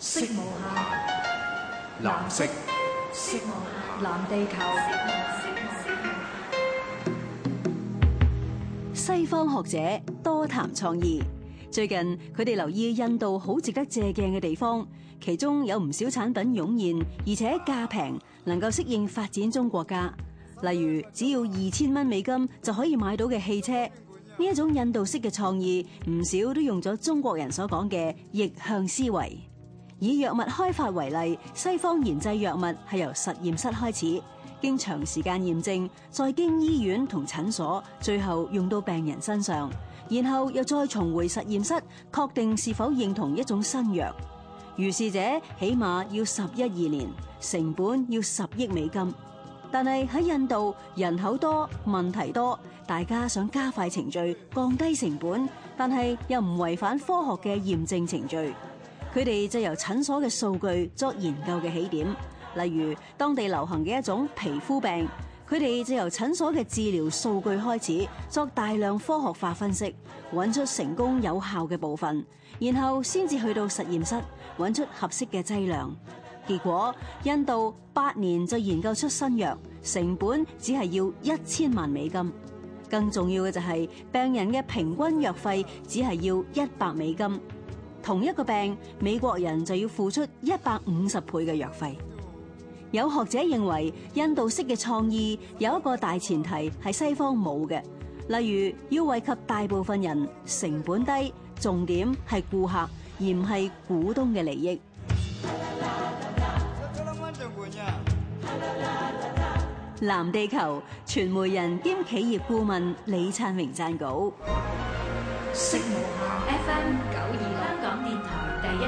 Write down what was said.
色無藍色，色，下藍色，色下，藍地球。西方學者多談創意。最近佢哋留意印度好值得借鏡嘅地方，其中有唔少產品湧現，而且價平，能夠適應發展中國家。例如，只要二千蚊美金就可以買到嘅汽車。呢一種印度式嘅創意，唔少都用咗中國人所講嘅逆向思維。以藥物開發為例，西方研製藥物係由實驗室開始，經長時間驗證，再經醫院同診所，最後用到病人身上，然後又再重回實驗室，確定是否認同一種新藥。如是者，起碼要十一二年，成本要十億美金。但係喺印度，人口多，問題多，大家想加快程序，降低成本，但係又唔違反科學嘅驗證程序。佢哋就由診所嘅數據作研究嘅起點，例如當地流行嘅一種皮膚病。佢哋就由診所嘅治療數據開始，作大量科學化分析，揾出成功有效嘅部分，然後先至去到實驗室揾出合適嘅劑量。結果，印度八年就研究出新藥，成本只係要一千萬美金。更重要嘅就係病人嘅平均藥費只係要一百美金。同一個病，美國人就要付出一百五十倍嘅藥費。有學者認為，印度式嘅創意有一個大前提係西方冇嘅，例如要惠及大部分人，成本低，重點係顧客，而唔係股東嘅利益，啊啊。藍地球傳媒人兼企業顧問李燦榮撰稿。